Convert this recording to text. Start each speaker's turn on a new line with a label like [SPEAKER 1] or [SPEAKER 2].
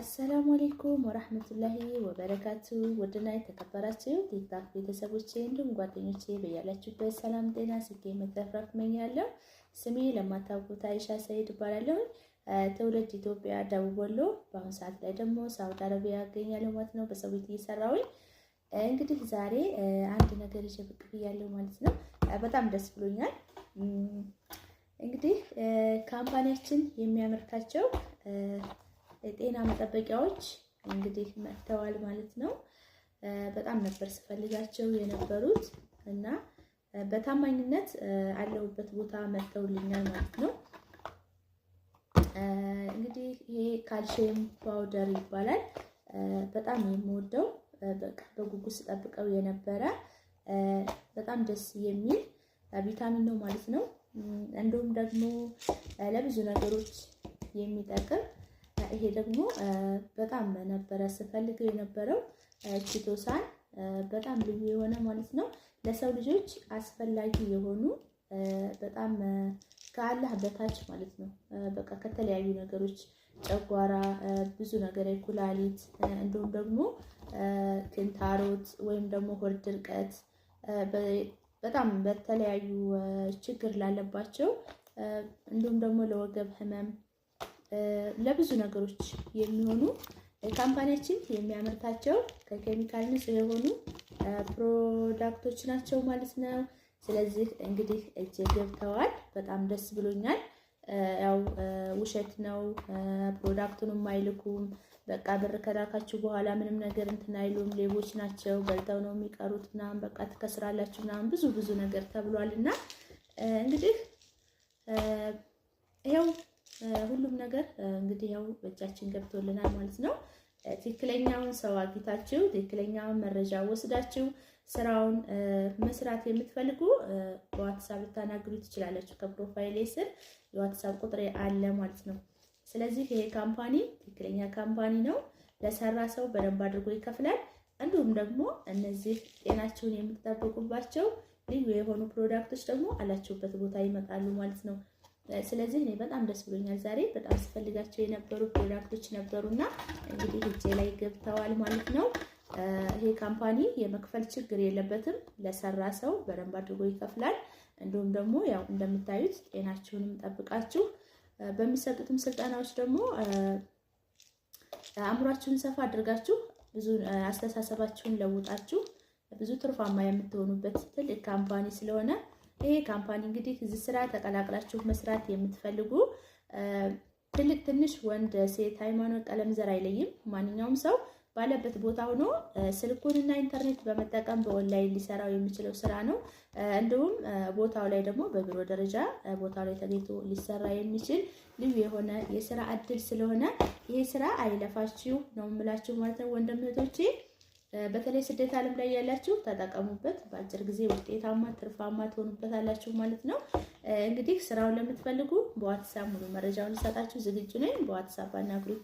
[SPEAKER 1] አሰላሙ አሌይኩም ወራህመቱላሂ ወበረካቱ ውድና የተከበራችሁ ቲክታክ ቤተሰቦቼ እንዲሁም ጓደኞቼ በያላችሁበት ሰላም፣ ጤና፣ ስኬት መትረፍረፍ እመኛለሁ። ስሜ ለማታውቁት አይሻ ሰይድ እባላለሁ። ትውልድ ኢትዮጵያ ደቡብ ወሎ፣ በአሁኑ ሰዓት ላይ ደግሞ ሳውዲ አረቢያ እገኛለሁ ማለት ነው። በሰው ቤት እየሰራሁኝ እንግዲህ ዛሬ አንድ ነገር ይዤ ብቅ ብያለሁ ማለት ነው። በጣም ደስ ብሎኛል። እንግዲህ ካምፓኒያችን የሚያመርታቸው የጤና መጠበቂያዎች እንግዲህ መጥተዋል ማለት ነው። በጣም ነበር ስፈልጋቸው የነበሩት እና በታማኝነት አለሁበት ቦታ መጥተውልኛል ማለት ነው። እንግዲህ ይሄ ካልሽየም ፓውደር ይባላል። በጣም የምወደው በጉጉት ስጠብቀው የነበረ በጣም ደስ የሚል ቪታሚን ነው ማለት ነው። እንዲሁም ደግሞ ለብዙ ነገሮች የሚጠቅም ይሄ ደግሞ በጣም ነበረ ስፈልገው የነበረው ኪቶሳን በጣም ልዩ የሆነ ማለት ነው ለሰው ልጆች አስፈላጊ የሆኑ በጣም ከአላህ በታች ማለት ነው በቃ ከተለያዩ ነገሮች ጨጓራ፣ ብዙ ነገር ኩላሊት፣ እንዲሁም ደግሞ ክንታሮት ወይም ደግሞ ሆድ ድርቀት በጣም በተለያዩ ችግር ላለባቸው እንዲሁም ደግሞ ለወገብ ህመም ለብዙ ነገሮች የሚሆኑ ካምፓኒያችን የሚያመርታቸው ከኬሚካል ንጹህ የሆኑ ፕሮዳክቶች ናቸው ማለት ነው። ስለዚህ እንግዲህ እጅ ገብተዋል። በጣም ደስ ብሎኛል። ያው ውሸት ነው፣ ፕሮዳክቱንም አይልኩም። በቃ ብር ከላካችሁ በኋላ ምንም ነገር እንትን አይሉም፣ ሌቦች ናቸው፣ በልተው ነው የሚቀሩት ምናምን፣ በቃ ትከስራላችሁ ምናምን ብዙ ብዙ ነገር ተብሏል እና እንግዲህ ይኸው ሁሉም ነገር እንግዲህ ያው በእጃችን ገብቶልናል ማለት ነው። ትክክለኛውን ሰው አግኝታችሁ ትክክለኛውን መረጃ ወስዳችሁ ስራውን መስራት የምትፈልጉ በዋትሳፕ ልታናግሩ ትችላላችሁ። ከፕሮፋይሌ ስር የዋትሳፕ ቁጥር አለ ማለት ነው። ስለዚህ ይሄ ካምፓኒ ትክክለኛ ካምፓኒ ነው። ለሰራ ሰው በደንብ አድርጎ ይከፍላል። እንዲሁም ደግሞ እነዚህ ጤናችሁን የምትጠብቁባቸው ልዩ የሆኑ ፕሮዳክቶች ደግሞ አላችሁበት ቦታ ይመጣሉ ማለት ነው። ስለዚህ እኔ በጣም ደስ ብሎኛል። ዛሬ በጣም ስፈልጋቸው የነበሩ ፕሮዳክቶች ነበሩና እንግዲህ እጄ ላይ ገብተዋል ማለት ነው። ይሄ ካምፓኒ የመክፈል ችግር የለበትም። ለሰራ ሰው በደንብ አድርጎ ይከፍላል። እንዲሁም ደግሞ ያው እንደምታዩት ጤናችሁንም ጠብቃችሁ በሚሰጡትም ስልጠናዎች ደግሞ አእምሯችሁን ሰፋ አድርጋችሁ ብዙ አስተሳሰባችሁን ለውጣችሁ ብዙ ትርፋማ የምትሆኑበት ትልቅ ካምፓኒ ስለሆነ ይሄ ካምፓኒ እንግዲህ እዚህ ስራ ተቀላቅላችሁ መስራት የምትፈልጉ ትልቅ ትንሽ፣ ወንድ ሴት፣ ሃይማኖት፣ ቀለም ዘር አይለይም። ማንኛውም ሰው ባለበት ቦታ ሆኖ ስልኩንና ኢንተርኔት በመጠቀም በኦንላይን ሊሰራው የሚችለው ስራ ነው። እንዲሁም ቦታው ላይ ደግሞ በቢሮ ደረጃ ቦታው ላይ ተገኝቶ ሊሰራ የሚችል ልዩ የሆነ የስራ እድል ስለሆነ ይሄ ስራ አይለፋችሁ ነው የምላችሁ ማለት ነው ወንድም እህቶቼ። በተለይ ስደት ዓለም ላይ ያላችሁ ተጠቀሙበት። በአጭር ጊዜ ውጤታማ ትርፋማ ትሆኑበታላችሁ ማለት ነው። እንግዲህ ስራውን ለምትፈልጉ በዋትሳፕ ሙሉ መረጃውን ልሰጣችሁ ዝግጁ ነኝ። በዋትሳፕ አናግሩኝ።